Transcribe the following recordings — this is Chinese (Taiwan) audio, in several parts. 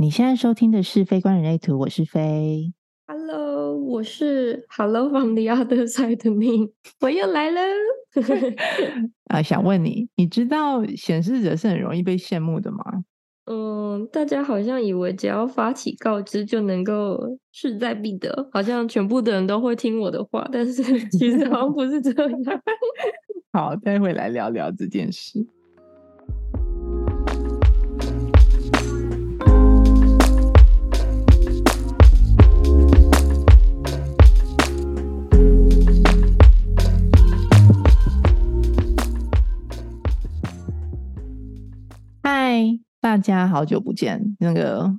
你現在收聽的是《Faye 觀人類圖》，我是 Faye。Hello，我是 Hello from the other side of me，我又來了。啊、 呃，想問你，你知道顯示者是很容易被羨慕的嗎？嗯，大家好像以為只要發起告知就能夠勢在必得，好像全部的人都會聽我的話，但是其實好像不是這樣。 好，待會來聊聊這件事。嗨，大家好久不見。那個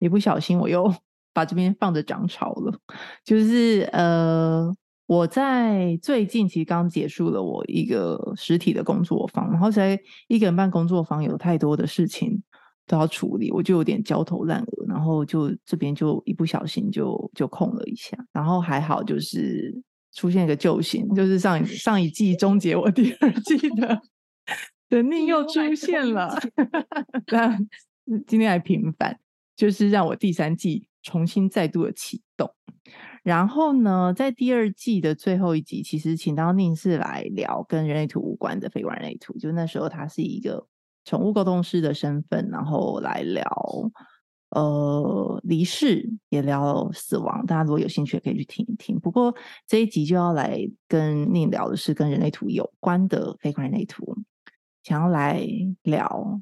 一不小心，我又把這邊放着漲潮了。就是呃，我在最近其實剛結束了我一個實體的工作坊，然後在一個人辦工作坊有太多的事情都要處理，我就有點焦頭爛額，然後就這邊就一不小心就就空了一下，然後還好就是出現一個救星，就是上一上一季終結我第二季的。 寧又出現了，那今， 今天還頻繁，就是讓我第三季重新再度的啟動。然後呢，在第二季的最後一集，其實請到寧是來聊跟人類圖無關的非觀人類圖，就那時候他是一個寵物溝通師的身份，然後來聊，呃，離世，也聊死亡。大家如果有興趣，也可以去聽一聽。不過這一集就要來跟寧聊的是跟人類圖有關的非觀人類圖。想要來聊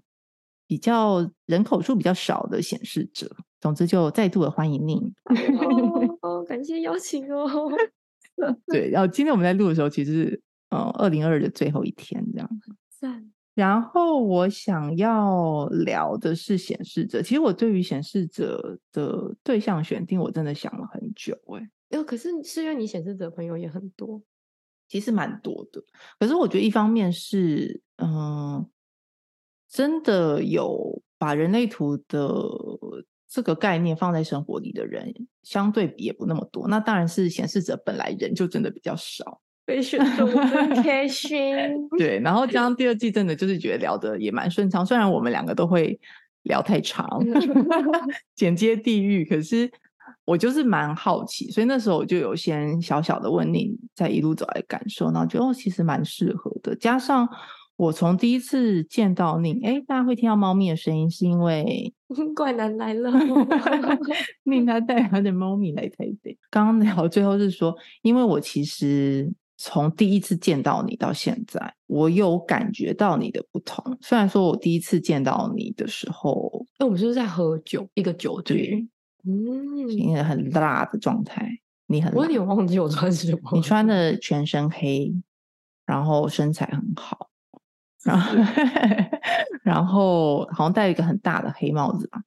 比較人口數比較少的顯示者，總之就再度的歡迎您哦。哦，感謝邀請哦。 對，然後今天我們在錄的時候，其實是嗯，二零二的最後一天這樣。很讚。然後我想要聊的是顯示者，其實我對於顯示者的對象選定，我真的想了很久哎、欸。喲、欸，可是是因為你顯示者朋友也很多，其實蠻多的。可是我覺得一方面是。嗯、呃，真的有把人類圖的這個概念放在生活裡的人，相對比也不那麼多。那當然是顯示者本來人就真的比較少，被選中很開心。 對，然後加上第二季，真的就是覺得聊得也蠻順暢。雖然我們兩個都會聊太長，剪 接地獄，可是我就是蠻好奇，所以那時候我就有先小小的問你，在一路走來感受，然後覺得、哦、其實蠻適合的，加上。我從第一次見到你。哎，大家會聽到貓咪的聲音，是因為怪男來了，令 他帶他的貓咪來台北。剛剛聊最後是說，因為我其實從第一次見到你到現在，我有感覺到你的不同。雖然說我第一次見到你的時候，那、欸、我們是不是在喝酒？一個酒局，嗯，今天很辣的狀態，你很辣。我有點忘記我穿什麼。你穿的全身黑，然後身材很好。然後， 然後好像戴一個很大的黑帽子吧？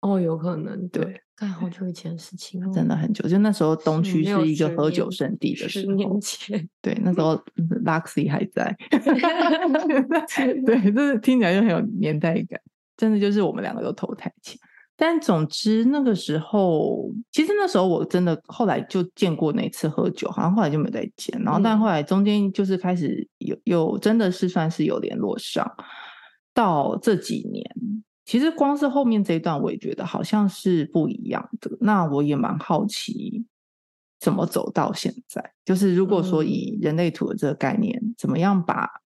哦，有可能，對，在好久以前的事情了。真的很久，就那時候東區是一個喝酒聖地的十,十，年十年前，對，那時候、 嗯、Luxy 還在。 對，就是聽起來就很有年代感。真的，就是我們兩個都投胎太前。但總之，那個時候其實那時候我真的後來就見過那一次喝酒，好像後來就沒再見。然後，但後來中間就是開始有有，真的是算是有聯絡上。到這幾年，其實光是後面這一段，我也覺得好像是不一樣的。那我也蠻好奇，怎麼走到現在？就是如果說以人類圖的這個概念，怎麼樣把，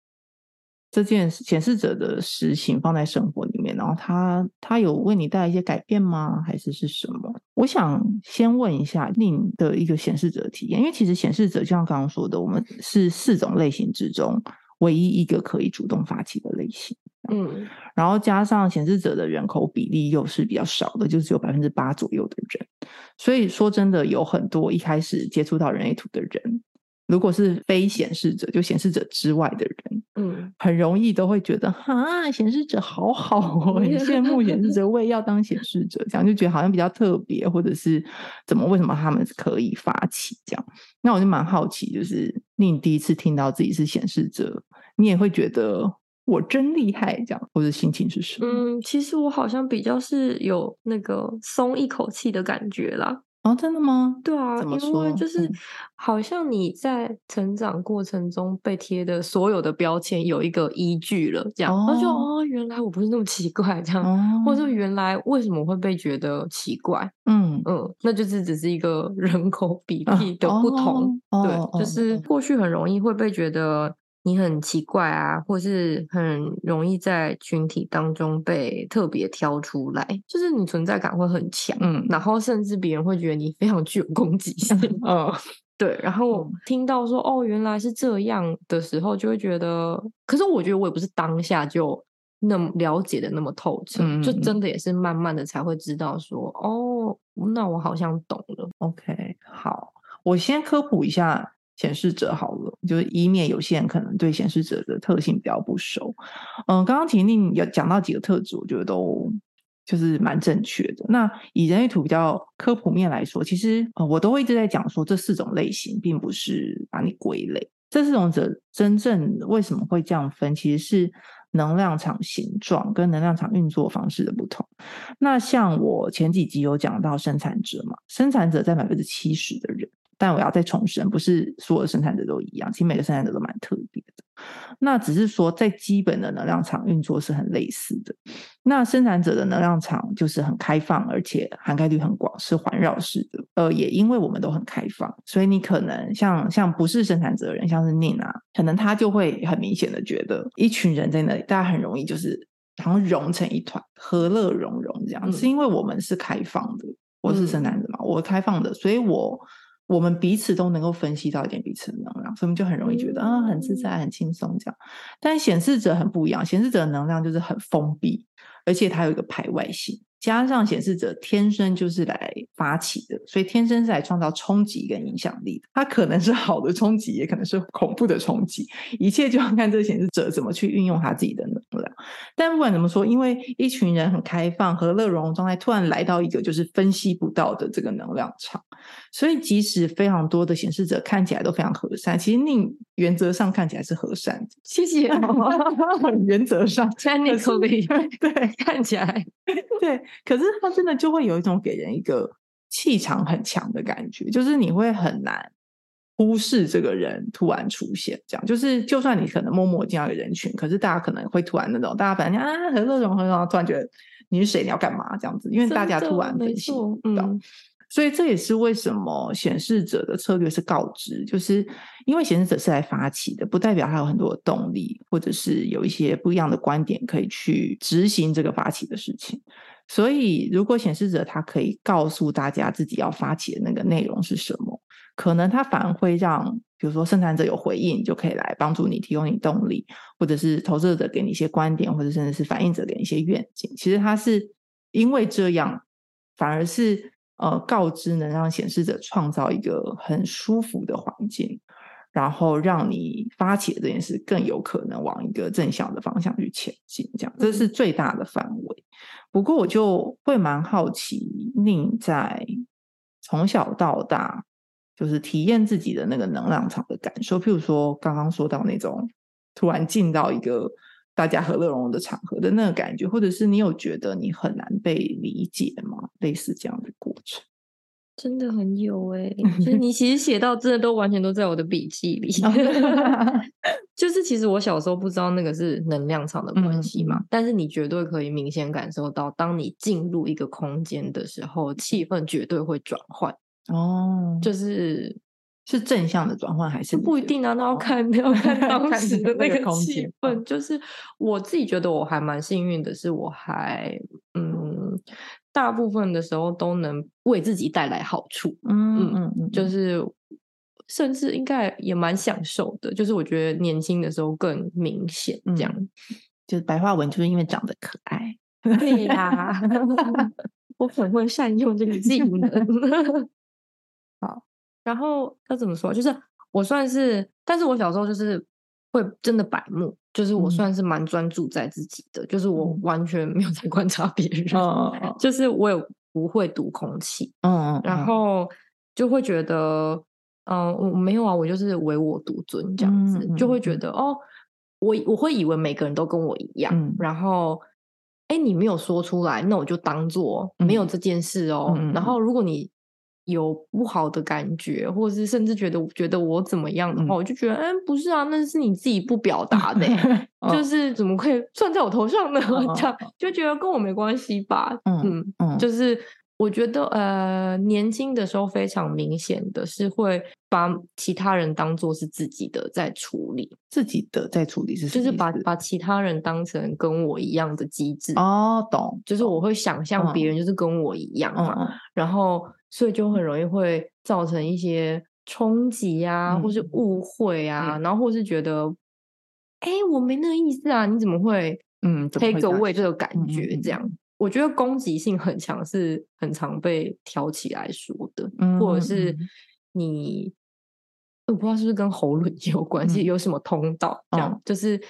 這件顯示者的事情放在生活裡面，然後他他有為你帶來一些改變嗎？還是是什麼？我想先問一下 Ning 的一個顯示者體驗，因為其實顯示者就像剛剛說的，我們是四種類型之中唯一一個可以主動發起的類型。嗯，然後加上顯示者的人口比例又是比較少的，就只有百分之八左右的人。所以說真的有很多一開始接觸到人類圖的人，如果是非顯示者，就顯示者之外的人，嗯，很容易都會覺得哈，顯示者好好哦，很羨慕顯示者，我 也要當顯示者，這樣就覺得好像比較特別，或者是怎麼？為什麼他們可以發起這樣？那我就蠻好奇，就是你第一次聽到自己是顯示者，你也會覺得我真厲害這樣，或者心情是什麼？嗯，其實我好像比較是有那個鬆一口氣的感覺啦。哦、oh，真的嗎？對啊，怎麼說？因為就是好像你在成長過程中被貼的所有的標籤有一個依據了，這樣，oh. 然後就哦，原來我不是那麼奇怪，這樣，oh. 或者說原來為什麼會被覺得奇怪？嗯、oh. 嗯，那就是只是一個人口比例的不同，oh. Oh. Oh. 對，就是過去很容易會被覺得。你很奇怪啊，或是很容易在群體當中被特別挑出來，就是你存在感會很強，嗯，然後甚至別人會覺得你非常具有攻擊性，嗯，嗯對。然後聽到說、嗯、哦，原來是這樣的時候，就會覺得，可是我覺得我也不是當下就那麼了解的那麼透徹、嗯，就真的也是慢慢的才會知道說哦，那我好像懂了。OK，好，我先科普一下。顯示者好了，就是以免有些人可能對顯示者的特性比較不熟。嗯、呃，剛剛婷婷有講到幾個特質，我覺得都就是蠻正確的。那以人類圖比較科普面來說，其實呃，我都會一直在講說，這四種類型並不是把你歸類。這四種者真正為什麼會這樣分，其實是能量場形狀跟能量場運作方式的不同。那像我前幾集有講到生產者嘛，生產者佔百分之七十的人。但我要再重申，不是所有的生產者都一樣。其實每個生產者都蠻特別的。那只是說，在基本的能量場運作是很類似的。那生產者的能量場就是很開放，而且涵蓋率很廣，是環繞式的。呃，也因為我們都很開放，所以你可能像像不是生產者的人，像是 Ning，可能他就會很明顯的覺得，一群人在那裡，大家很容易就是然後融成一團，和樂融融這樣、嗯。是因為我們是開放的，我是生產者嘛、嗯，我開放的，所以我。我們彼此都能夠分析到一點彼此的能量，所以我們就很容易覺得啊、哦，很自在、很輕鬆這樣。但顯示者很不一樣，顯示者的能量就是很封閉，而且它有一個排外性，加上顯示者天生就是來發起的，所以天生是來創造衝擊跟影響力的。它可能是好的衝擊，也可能是恐怖的衝擊，一切就要看這個顯示者怎麼去運用他自己的能量。但不管怎麼說，因為一群人很開放、和樂融融狀態，突然來到一個就是分析不到的這個能量場，所以即使非常多的顯示者看起來都非常和善，其實你原則上看起來是和善的。謝謝。 原則上，technically，對， 看起來，對，可是他真的就會有一種給人一個氣場很強的感覺，就是你會很難。忽視這個人突然出現，這樣就是，就算你可能默默進入一個人群，可是大家可能會突然那種，大家反正啊很那種很突然覺得你是誰，你要幹嘛這樣子，因為大家突然分析的、嗯、所以這也是為什麼顯示者的策略是告知，就是因為顯示者是來發起的，不代表他有很多的動力，或者是有一些不一樣的觀點可以去執行這個發起的事情。所以，如果顯示者他可以告訴大家自己要發起的那個內容是什麼，可能他反而會讓，比如說生產者有回應，你就可以來幫助你提供你動力，或者是投射者給你一些觀點，或者甚至是反映者給你一些願景。其實他是因為這樣，反而是呃告知能讓顯示者創造一個很舒服的環境。然後讓你發起的這件事更有可能往一個正向的方向去前進，這樣這是最大的範圍。不過我就會蠻好奇，你在從小到大，就是體驗自己的那個能量場的感受。譬如說剛剛說到那種突然進到一個大家和樂融融的場合的那個感覺，或者是你有覺得你很難被理解嗎？類似這樣的過程。真的很有哎、欸，所以你其實寫到真的都完全都在我的筆記裡。 就是其實我小時候不知道那個是能量場的關係嘛、嗯，但是你絕對可以明顯感受到，當你進入一個空間的時候，氣氛絕對會轉換。哦，就是。是正向的轉換還是不一定啊？那要看要看當時的那個氣氛。就是我自己覺得我還蠻幸運的，是我還嗯，大部分的時候都能為自己帶來好處。嗯嗯嗯，嗯，就是甚至應該也蠻享受的。就是我覺得年輕的時候更明顯，這樣、嗯、就是白話文就是因為長得可愛，對呀、啊， 我很會善用這個技能。 然後要怎麼說？就是我算是，但是我小時候就是會真的白目，就是我算是蠻專注在自己的，嗯、就是我完全沒有在觀察別人、嗯，就是我也不會讀空氣，嗯，然後就會覺得，嗯，我、嗯嗯、沒有啊，我就是唯我獨尊這樣子，嗯、就會覺得、嗯、哦，我我會以為每個人都跟我一樣，嗯、然後，哎，你沒有說出來，那我就當做沒有這件事哦，嗯、然後如果你有不好的感覺，或是甚至覺得我覺得我怎麼樣的話，嗯、我就覺得，嗯，不是啊，那是你自己不表達的， 就是怎麼可以算在我頭上呢？ 這樣就覺得跟我沒關係吧。嗯嗯，就是我覺得呃，年輕的時候非常明顯的，是會把其他人當做是自己的在處理，自己的在處理是什麼？就是把把其他人當成跟我一樣的機制。哦，懂，就是我會想象別人就是跟我一樣嘛，嗯、然後。所以就很容易會造成一些衝擊啊，嗯、或是誤會啊、嗯，然後或是覺得，哎，我沒那個意思啊，你怎麼會嗯 take away 這個感覺這樣、嗯覺嗯？我覺得攻擊性很強，是很常被挑起來說的，嗯，或者是你，我不知道是不是跟喉嚨有關係，嗯，有什麼通道這樣，哦、就是。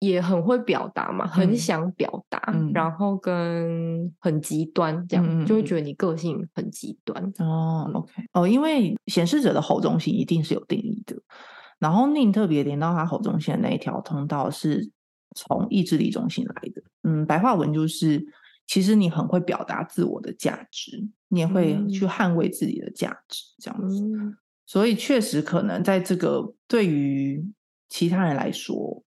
也很會表達嘛，很想表達、嗯，然後跟很極端這樣、嗯，就會覺得你個性很極端哦。OK，哦，因為顯示者的喉中心一定是有定義的，然後寧特別連到他喉中心的那一條通道是從意志力中心來的。嗯，白話文就是，其實你很會表達自我的價值，你也會去捍衛自己的價值、嗯、這樣子。所以確實可能在這個對於其他人來說。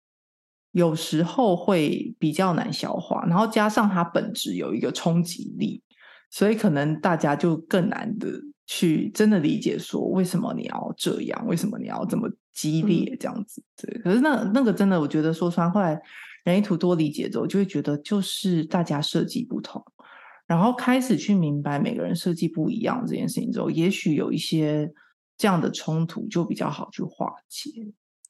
有時候會比較難消化，然後加上它本質有一個衝擊力，所以可能大家就更難的去真的理解說為什麼你要這樣，為什麼你要這麼激烈這樣子、嗯。對，可是那那個真的，我覺得說穿後來人類圖多理解之後，就會覺得就是大家設計不同，然後開始去明白每個人設計不一樣這件事情之後，也許有一些這樣的衝突就比較好去化解。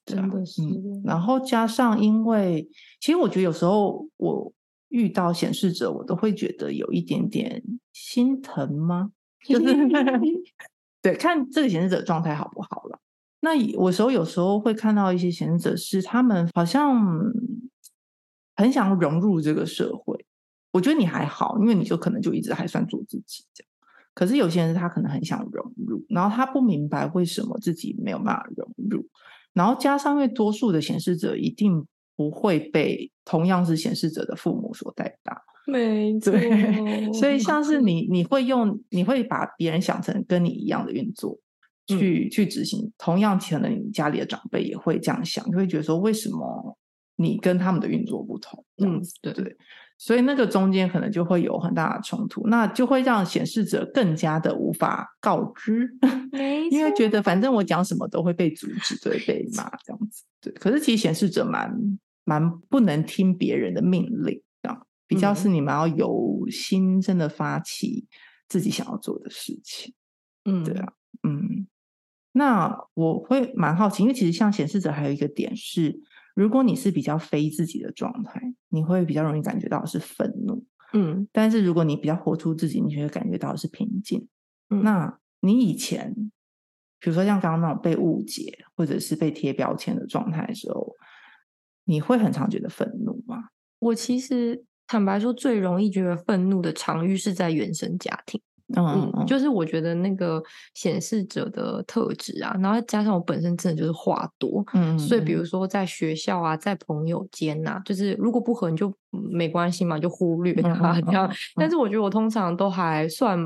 啊、真的是，嗯，然後加上，因為其實我覺得有時候我遇到顯示者，我都會覺得有一點點心疼嗎？就是 對，看這個顯示者狀態好不好啦。那我時候有時候會看到一些顯示者，是他們好像很想融入這個社會。我覺得你還好，因為你就可能就一直還算做自己這樣，可是有些人他可能很想融入，然後他不明白為什麼自己沒有辦法融入。然後加上，因為多數的顯示者一定不會被同樣是顯示者的父母所帶大，沒錯，對，所以像是你，你會用你會把別人想成跟你一樣的運作去、嗯、去執行，同樣可能你家裡的長輩也會這樣想，你會覺得說為什麼你跟他們的運作不同？這樣子，嗯，對。對所以那個中間可能就會有很大的衝突，那就會讓顯示者更加的無法告知，因為覺得反正我講什麼都會被阻止，都會被罵這樣子。對，可是其實顯示者蠻蠻不能聽別人的命令，這樣，啊，比較是你們要有心真的發起自己想要做的事情。嗯，對啊，嗯。那我會蠻好奇，因為其實像顯示者還有一個點是。如果你是比較非自己的狀態，你會比較容易感覺到是憤怒，嗯。但是如果你比較活出自己，你會感覺到是平靜。嗯。那你以前，比如說像剛剛那種被誤解或者是被貼標籤的狀態的時候，你會很常覺得憤怒嗎？我其實坦白說，最容易覺得憤怒的場域是在原生家庭。Uh -huh. 嗯，就是我覺得那個顯示者的特質啊，然後加上我本身真的就是話多，嗯、uh -huh.，所以比如說在學校啊，在朋友間吶、啊，就是如果不合你就沒關係嘛，就忽略他這樣。Uh -huh. 但是我覺得我通常都還算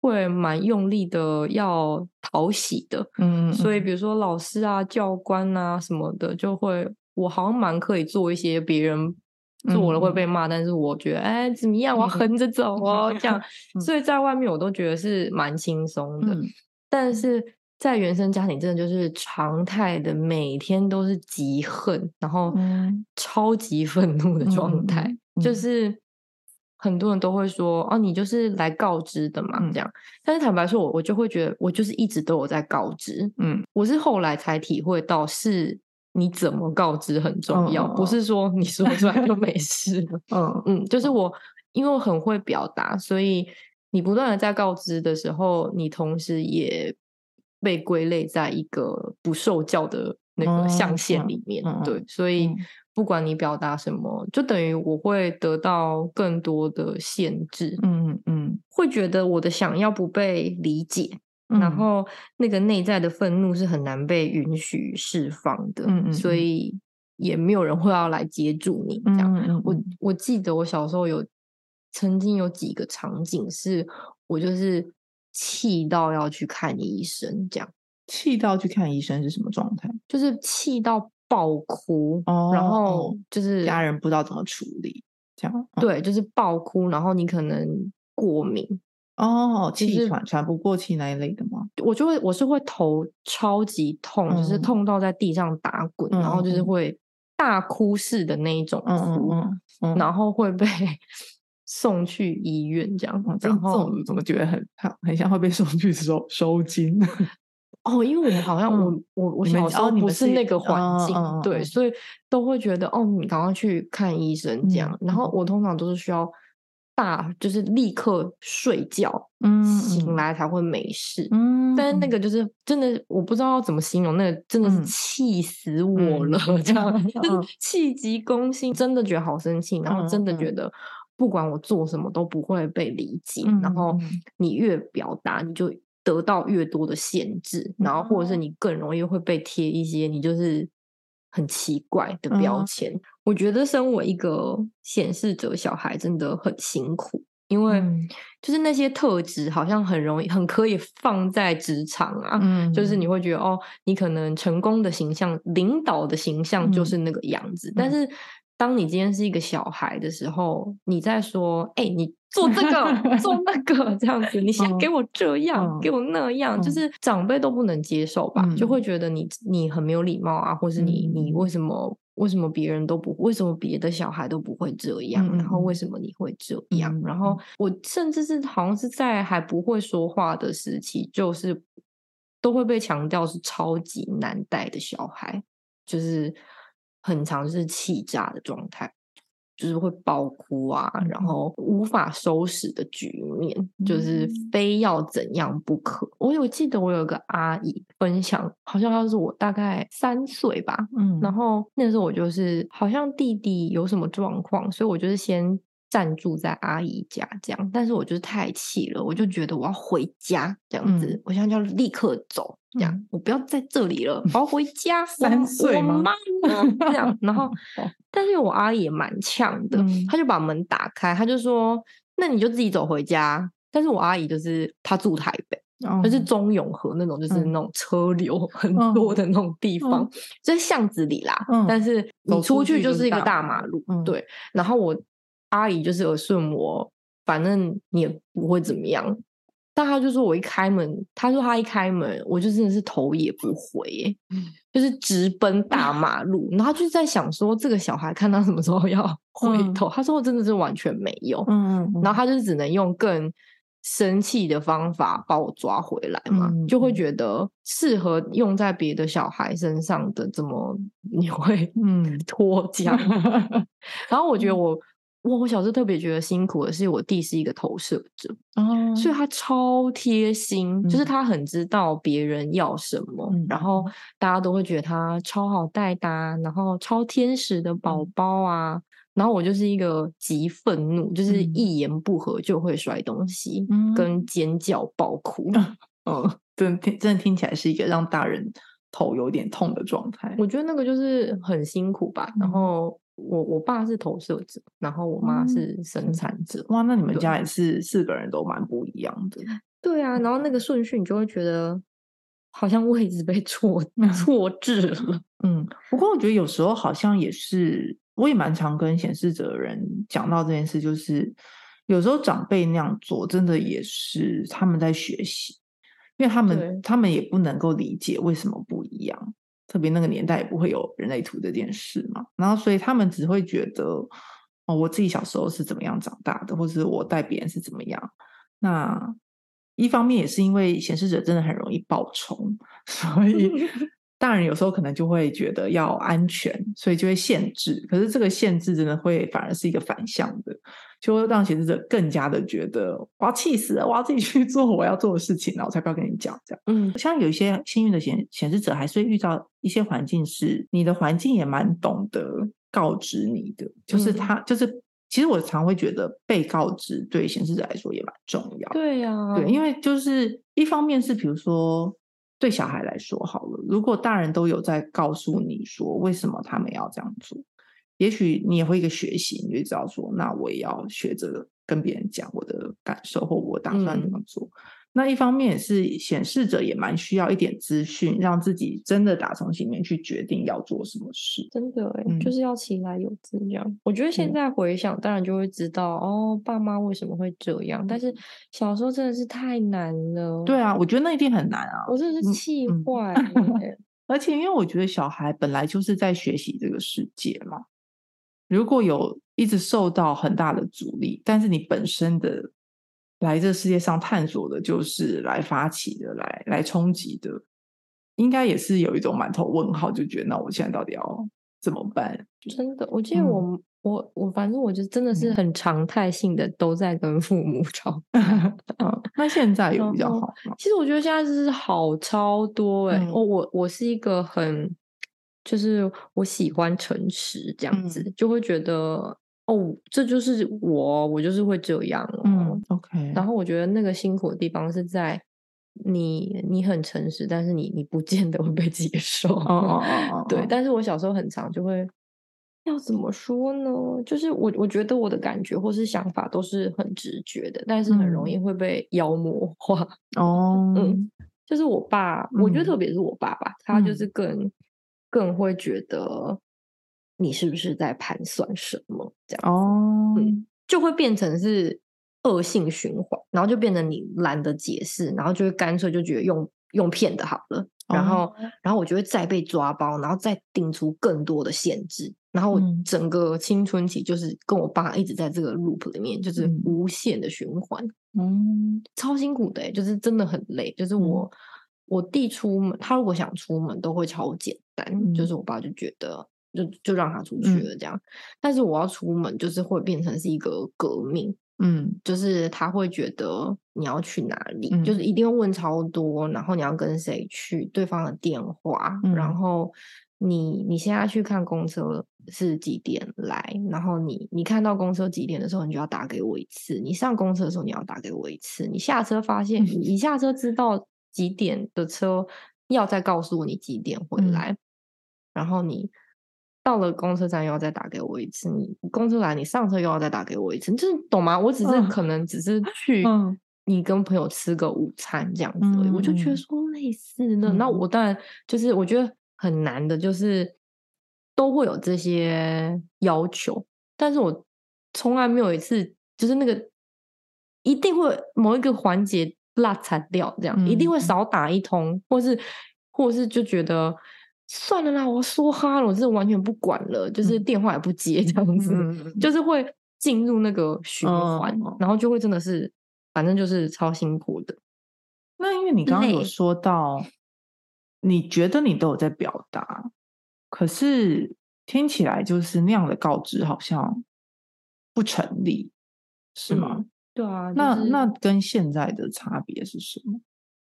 會蠻用力的要討喜的，嗯、uh -huh.，所以比如說老師啊、教官啊什麼的，就會我好像蠻可以做一些別人。做了會被罵、嗯，但是我覺得，哎，怎麼樣？我要橫着走哦、嗯，這樣，所以在外面我都覺得是蠻輕鬆的。嗯、但是在原生家庭，真的就是常態的，每天都是極恨，然後超級憤怒的狀態。嗯、就是很多人都會說，哦、啊，你就是來告知的嘛、嗯，這樣。但是坦白說，我我就會覺得，我就是一直都有在告知。嗯，我是後來才體會到是。你怎麼告知很重要，嗯，不是說你說出來就沒事了。嗯嗯，就是我因為我很會表達，所以你不斷的在告知的時候，你同時也被歸類在一個不受教的那個象限裡面。嗯嗯嗯，對，所以不管你表達什麼，嗯，就等於我會得到更多的限制。嗯嗯嗯，會覺得我的想要不被理解。然後那個內在的憤怒是很難被允許釋放的，嗯、所以也沒有人會要來接住你這樣。嗯、我我記得我小時候有曾經有幾個場景，是我就是氣到要去看醫生。這樣氣到去看醫生是什麼狀態？就是氣到爆哭，哦、然後就是家人不知道怎麼處理，這樣、哦、對，就是爆哭，然後你可能過敏。哦，氣喘喘不過氣那一類的嗎？就是、我就會，我是會頭超級痛，嗯、就是痛到在地上打滾，嗯、然後就是會大哭似的那一種、嗯嗯嗯，然後會被送去醫院這樣。嗯、然後，這種然後怎麼覺得很很很像會被送去收收驚？哦，因為我好像我我、嗯、我小時候不是那個環境，哦、對、嗯，所以都會覺得哦，你趕快去看醫生這樣。然後我通常都是需要。大就是立刻睡覺，嗯，醒來才會沒事，嗯。但那個就是真的，我不知道要怎麼形容，嗯，那個真的是氣死我了，嗯，這樣，嗯嗯，氣急攻心，嗯，真的覺得好生氣，嗯，然後真的覺得不管我做什麼都不會被理解，嗯，然後你越表達，你就得到越多的限制，嗯，然後或者是你更容易會被貼一些你就是很奇怪的標籤。嗯我覺得，身為一個顯示者，小孩真的很辛苦，因為就是那些特質好像很容易，很可以放在職場啊。嗯，就是你會覺得，哦，你可能成功的形象、領導的形象就是那個樣子。嗯、但是，當你今天是一個小孩的時候，你在說，哎、嗯欸，你做這個、 做那個這樣子，你想給我這樣，哦、給我那樣、哦，就是長輩都不能接受吧？嗯、就會覺得你你很沒有禮貌啊，或是你、嗯、你為什麼？為什麼別人都不，為什麼別的小孩都不會這樣？嗯、然後為什麼你會這樣、嗯？然後我甚至是好像是在還不會說話的時期，就是都會被強調是超級難帶的小孩，就是很常是氣炸的狀態。就是會爆哭啊，然後無法收拾的局面，嗯、就是非要怎樣不可。我有記得我有個阿姨分享，好像她是我大概三歲吧，嗯，然後那時候我就是好像弟弟有什麼狀況，所以我就是先。暫住在阿姨家這樣，但是我就是太氣了，我就覺得我要回家這樣子，嗯、我現在就要立刻走，這樣、嗯、我不要在這裡了，我要回家三。三 歲嗎、嗯？這樣，然後 但是我阿姨也蠻嗆的，她、嗯、就把門打開，她就說：“那你就自己走回家。”但是我阿姨就是她住台北、嗯，就是中永和那種，就是那種車流很多的那種地方，就、嗯、是、嗯、巷子裡啦、嗯，但是你出去就是一個大馬路，嗯、對，然後我。阿姨就是有順我，反正你也不會怎麼樣。但他就說我一開門，他說他一開門，我就真的是頭也不回、欸嗯，就是直奔大馬路。嗯、然後他就在想說，這個小孩看他什麼時候要回頭。他、嗯、說我真的是完全沒有，嗯。然後他就只能用更生氣的方法把我抓回來嘛，嗯、就會覺得適合用在別的小孩身上的，怎麼你會嗯脫韁、嗯。然後我覺得我。嗯我小時候特別覺得辛苦的是，我弟是一個投射者，哦、所以他超貼心、嗯，就是他很知道別人要什麼、嗯，然後大家都會覺得他超好帶的、啊，然後超天使的寶寶啊、嗯，然後我就是一個極憤怒，就是一言不合就會摔東西、嗯、跟尖叫爆哭，哦、嗯，嗯、 真的聽真的聽起來是一個讓大人頭有點痛的狀態。我覺得那個就是很辛苦吧，然後。我我爸是投射者，然後我媽是生產者。嗯。哇，那你們家也是四個人都蠻不一樣的。對，對啊，然後那個順序你就會覺得好像位置被錯錯置了。嗯，不過我覺得有時候好像也是，我也蠻常跟顯示者的人講到這件事，就是有時候長輩那樣做，真的也是他們在學習，因為他們他們也不能夠理解為什麼不一樣。特別那個年代也不會有人類圖這件事嘛，然後所以他們只會覺得哦，我自己小時候是怎麼樣長大的，或者我帶別人是怎麼樣。那一方面也是因為顯示者真的很容易爆衝，所以大人有時候可能就會覺得要安全，所以就會限制。可是這個限制真的會反而是一個反向的。就會讓顯示者更加的覺得，我要氣死了，我要自己去做我要做的事情了，我才不要跟你講這樣。嗯，像有一些幸運的顯顯示者，還是遇到一些環境是，是你的環境也蠻懂得告知你的，就是他、嗯、就是其實我常會覺得被告知對顯示者來說也蠻重要。對呀、啊，對，因為就是一方面是比如說，對小孩來說好了，如果大人都有在告訴你說，為什麼他們要這樣做。也許你也會一個學習，你就知道說，那我也要學着跟別人講我的感受或我打算怎麼做、嗯。那一方面也是顯示者也蠻需要一點資訊，讓自己真的打從心裡面去決定要做什麼事。真的、嗯、就是要起來有質量。我覺得現在回想，嗯、當然就會知道哦，爸媽為什麼會這樣。但是小時候真的是太難了。對啊，我覺得那一定很難啊，我真的是氣壞了。嗯嗯 而且因為我覺得小孩本來就是在學習這個世界嘛。如果有一直受到很大的阻力，但是你本身的來這世界上探索的，就是來發起的，來來衝擊的，應該也是有一種滿頭問號，就覺得那我現在到底要怎麼辦？真的，我記得我我、嗯、我，我反正我就真的是很常態性的、嗯、都在跟父母吵、 嗯。那現在有比較好嗎？其實我覺得現在是好超多哎、欸！嗯 oh, 我我我是一個很。就是我喜歡誠實這樣子，嗯、就會覺得哦，這就是我，哦，我就是會這樣，哦。嗯，OK。然後我覺得那個辛苦的地方是在你，你很誠實，但是你你不見得會被接受。哦哦，哦，哦，哦 對，但是我小時候很常就會要怎麼說呢？就是我我覺得我的感覺或是想法都是很直覺的，但是很容易會被妖魔化。哦、嗯，嗯，就是我爸，嗯、我覺得特別是我爸爸，他就是個人。嗯更會覺得你是不是在盤算什麼這樣哦、oh.，就會變成是惡性循環，然後就變成你懶得解釋，然後就會乾脆就覺得用用騙的好了，然後、oh. 然後我就會再被抓包，然後再定出更多的限制，然後我整個青春期就是跟我爸一直在這個 loop 裡面，mm. 就是無限的循環，嗯、mm.，超辛苦的、欸，就是真的很累，就是我、mm. 我弟出門，他如果想出門都會超簡。但就是我爸就覺得，嗯、就就讓他出去了這樣。嗯、但是我要出門，就是會變成是一個革命。嗯，就是他會覺得你要去哪裡，嗯、就是一定要問超多，然後你要跟誰去，對方的電話，嗯、然後你你現在去看公車是幾點來，然後你你看到公車幾點的時候，你就要打給我一次。你上公車的時候，你要打給我一次。你下車發現，嗯、你一下車知道幾點的車，要再告訴我你幾點回來。嗯然後你到了公車站又要再打給我一次。你公車站你上車又要再打給我一次，你就是懂嗎？我只是可能只是去你跟朋友吃個午餐這樣子而已，嗯，我就覺得說類似的，嗯。那我當然就是我覺得很難的，就是都會有這些要求，但是我從來沒有一次就是那個一定會某一個環節落慘掉，這樣一定會少打一通，或是或是就覺得。算了啦，我說哈了，我是完全不管了，就是電話也不接這樣子，嗯、 就是會進入那個循環、嗯，然後就會真的是，反正就是超辛苦的。那因為你剛剛有說到，你覺得你都有在表達，可是聽起來就是那樣的告知好像不成立，是嗎？嗯、對啊，就是、那那跟現在的差別是什麼？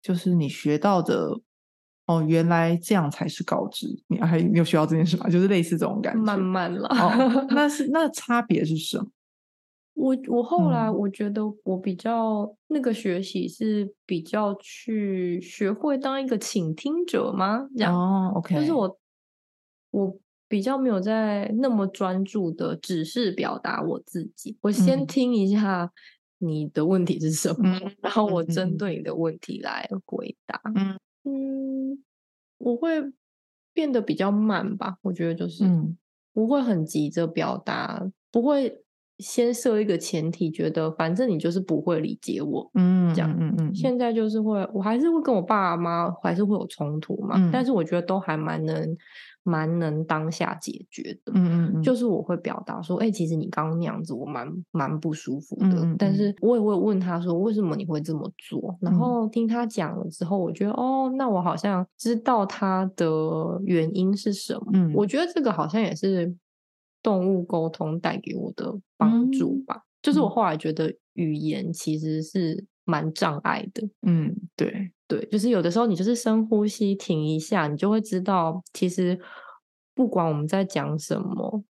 就是你學到的。哦，原來這樣才是告知。你還沒有學到這件事嗎？就是類似這種感覺。慢慢了。 哦、那是那的差別是什麼？我我後來我覺得我比較、嗯、那個學習是比較去學會當一個傾聽者嗎？這樣、哦、OK。但是我我比較沒有在那麼專注的，只是表達我自己。我先聽一下你的問題是什麼，嗯、然後我針對你的問題來回答。嗯。嗯嗯嗯，我會變得比較慢吧，我覺得就是不會很急着表達，不會。先設一個前提，覺得反正你就是不會理解我，嗯，這樣，嗯嗯。現在就是會，我還是會跟我爸媽，還是會有衝突嘛，嗯，但是我覺得都還蠻能，蠻能當下解決的，嗯嗯。就是我會表達說，哎、欸，其實你剛剛那樣子我，我蠻蠻不舒服的。嗯嗯。但是我也會問他說，為什麼你會這麼做？然後聽他講了之後，我覺得、嗯，哦，那我好像知道他的原因是什麼。嗯。我覺得這個好像也是。動物溝通帶給我的幫助吧、嗯，就是我後來覺得語言其實是蠻障礙的。嗯，對對，就是有的時候你就是深呼吸，停一下，你就會知道，其實不管我們在講什麼，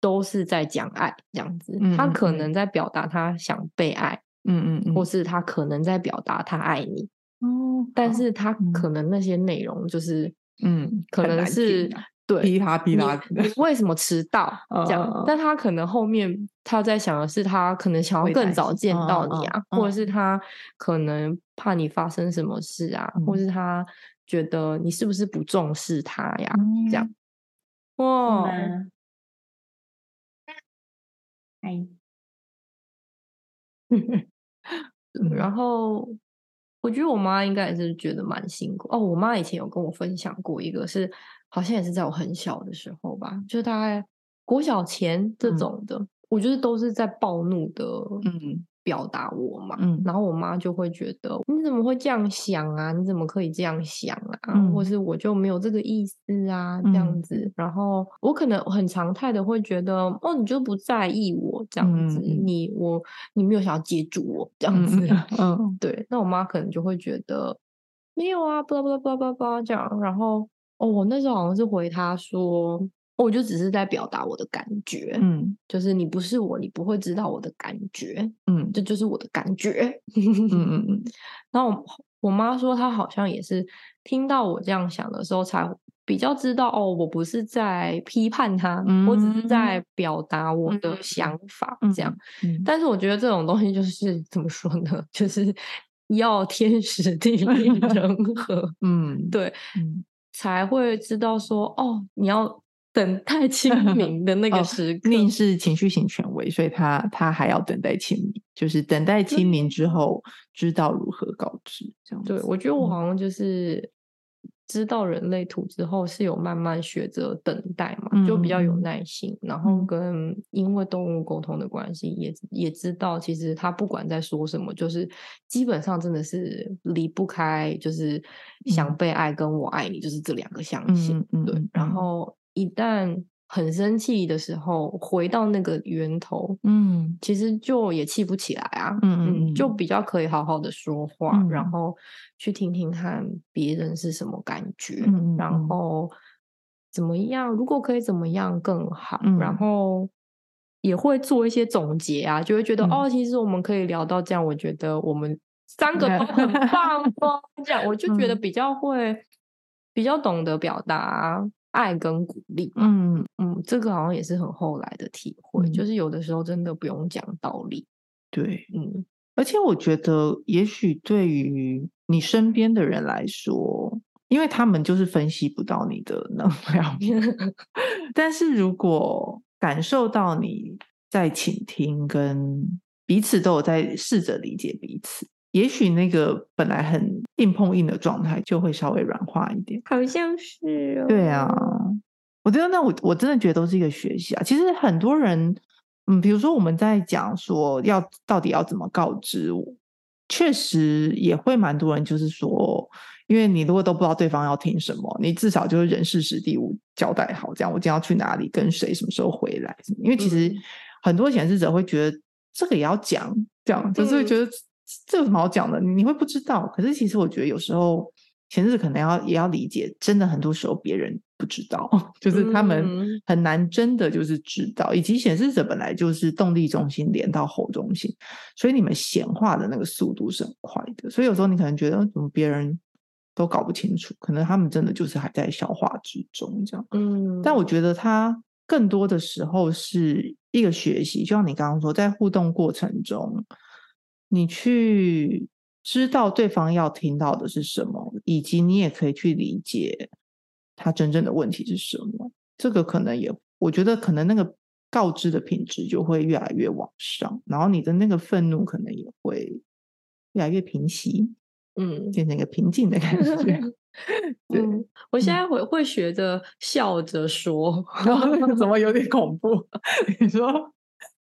都是在講愛這樣子、嗯。他可能在表達他想被愛，嗯嗯，嗯，或是他可能在表達他愛你。哦、嗯，但是他可能那些內容就是，嗯，可能是。對，逼他，批他，批他、逼他。為什麼遲到？ 這樣、呃，但他可能後面他在想的是，他可能想要更早見到你啊、哦哦哦，或者是他可能怕你發生什麼事啊，嗯、或是他覺得你是不是不重視他呀？嗯、這樣，哇， 然後我覺得我媽應該也是覺得蠻辛苦哦。我媽以前有跟我分享過一個是。好像也是在我很小的時候吧，就大概國小前這種的，嗯、我就是都是在暴怒的表達我嘛、嗯。然後我媽就會覺得你怎麼會這樣想啊？你怎麼可以這樣想啊？嗯、或是我就沒有這個意思啊？這樣子，嗯、然後我可能很常態的會覺得哦，你就不在意我這樣子，嗯、你我你沒有想要接住我這樣子。嗯， 對，那我媽可能就會覺得沒有啊，巴拉巴拉巴拉巴拉這樣，然後。哦，我那時候好像是回他說，哦、我就只是在表達我的感覺，嗯，就是你不是我，你不會知道我的感覺，嗯，這就是我的感覺。 嗯嗯嗯。然後我我媽說，她好像也是聽到我這樣想的時候，才比較知道哦，我不是在批判他，我、嗯、只是在表達我的想法，這樣、嗯嗯。但是我覺得這種東西就是怎麼說呢？就是要天時地利人和。 嗯，對，嗯。才會知道說哦，你要等待清明的那個時刻。Ning、 哦、是情緒型權威，所以他他還要等待清明，就是等待清明之後、嗯，知道如何告知這樣子。對，我覺得我好像就是。嗯知道人類圖之後是有慢慢學着等待嘛，就比較有耐心、嗯。然後跟因為動物溝通的關係也，也、嗯、也知道其實他不管在說什麼，就是基本上真的是離不開，就是想被愛跟我愛你，就是這兩個相信、嗯、對、嗯。然後一旦。很生氣的時候，回到那個源頭，嗯，其實就也氣不起來啊，嗯嗯，就比較可以好好的說話，嗯，然後去聽聽看別人是什麼感覺，嗯，然後怎麼樣？如果可以怎麼樣更好？嗯、然後也會做一些總結啊，嗯、就會覺得哦，其實我們可以聊到這樣，嗯、我覺得我們三個都很棒哦。這 樣我就覺得比較會，比較懂得表達啊。愛跟鼓勵，嗯嗯，這個好像也是很後來的體會，嗯、就是有的時候真的不用講道理，對，嗯，而且我覺得，也許對於你身邊的人來說，因為他們就是分析不到你的能量面， 但是如果感受到你在傾聽，跟彼此都有在試着理解彼此。也許那個本來很硬碰硬的狀態就會稍微軟化一點，好像是哦。對啊，我覺得那我我真的覺得都是一個學習啊。其實很多人，嗯，比如說我們在講說要到底要怎麼告知我，確實也會蠻多人就是說，因為你如果都不知道對方要聽什麼，你至少就是人事時地物交代好，這樣我今天要去哪裡，跟誰，什麼時候回來。因為其實很多顯示者會覺得這個也要講，這樣、嗯、就是會覺得。這有什麼好講的？你會不知道。可是其實我覺得，有時候顯示可能要也要理解。真的很多時候別人不知道，就是他們很難真的就是知道。嗯、以及顯示者本來就是動力中心連到喉中心，所以你們顯化的那個速度是很快的。所以有時候你可能覺得怎麼別人都搞不清楚，可能他們真的就是還在消化之中這樣。嗯。但我覺得他更多的時候是一個學習，就像你剛剛說，在互動過程中。你去知道對方要聽到的是什麼，以及你也可以去理解他真正的問題是什麼。這個可能也，我覺得可能那個告知的品質就會越來越往上，然後你的那個憤怒可能也會越來越平息，嗯，變成一個平靜的感覺。 對、嗯，我現在會會學着笑着說， 然後那個怎麼有點恐怖？ 你說。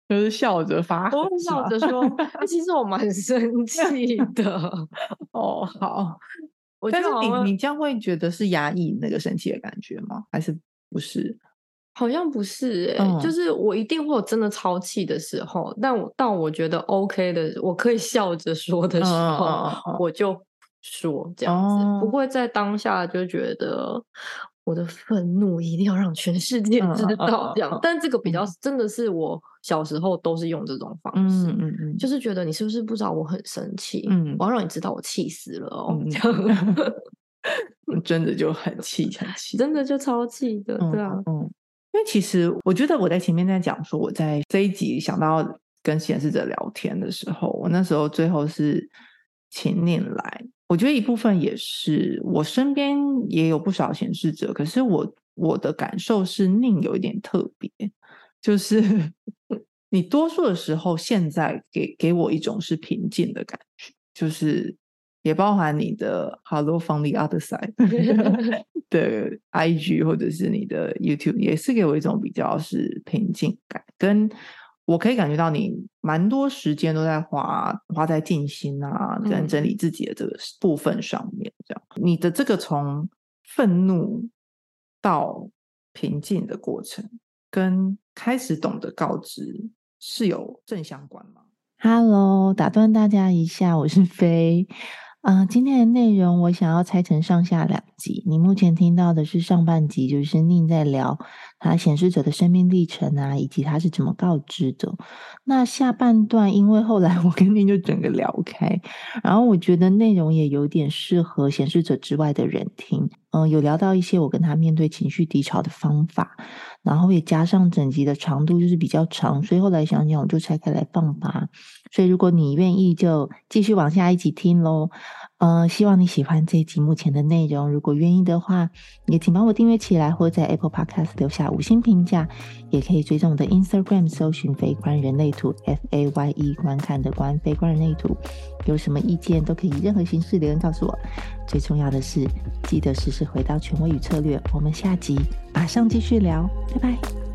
就是笑着發，我笑着說。 其實我蠻生氣的。 哦，好。 我好，但是你你這樣會覺得是壓抑那個生氣的感覺嗎？還是不是？好像不是哎、欸嗯，就是我一定會有真的超氣的時候，但我當我覺得 OK 的時候，我可以笑着說的時候，嗯嗯嗯、我就說這樣子、嗯，不會在當下就覺得。我的憤怒一定要讓全世界知道，嗯、這樣、嗯。但這個比較、嗯、真的是我小時候都是用這種方式，嗯嗯，嗯，就是覺得你是不是不知道我很生氣？嗯，我要讓你知道我氣死了哦，嗯、這樣。 真的就很氣很氣，真的就超氣的、嗯，對啊，嗯。因為其實我覺得我在前面在講說，我在這一集想到跟顯示者聊天的時候，我那時候最後是請你來。我覺得一部分也是，我身邊也有不少顯示者，可是我我的感受是 Ning 有一點特別，就是你多數的時候現在給給我一種是平靜的感覺，就是也包含你的 “Hello from the other side” 的 IG 或者是你的 YouTube，也是給我一種比較是平靜感跟。我可以感覺到你蠻多時間都在花花在靜心啊，在整理自己的這個部分上面。這樣，你的這個從憤怒到平靜的過程，跟開始懂得告知是有正相關嗎？Hello，打斷大家一下，我是 Faye。嗯、呃，今天的內容我想要拆成上下兩集。你目前聽到的是上半集，就是寧在聊他顯示者的生命歷程啊，以及他是怎麼告知的。那下半段，因為後來我跟寧就整個聊開，然後我覺得內容也有點適合顯示者之外的人聽。嗯、呃，有聊到一些我跟他面對情緒低潮的方法，然後也加上整集的長度就是比較長，所以後來想想，我就拆開來放吧。所以，如果你願意，就繼續往下一起聽嘍。呃，希望你喜歡這一集目前的內容。如果願意的話，也請幫我訂閱起來，或在 Apple Podcast 留下五星評價。也可以追蹤我的 Instagram，搜尋“非觀人類圖 ”（FAYE 觀看的觀，非觀人類圖）。有什麼意見都可以，以任何形式留言告訴我。最重要的是，記得時時回到權威與策略。我們下集馬上繼續聊，拜拜。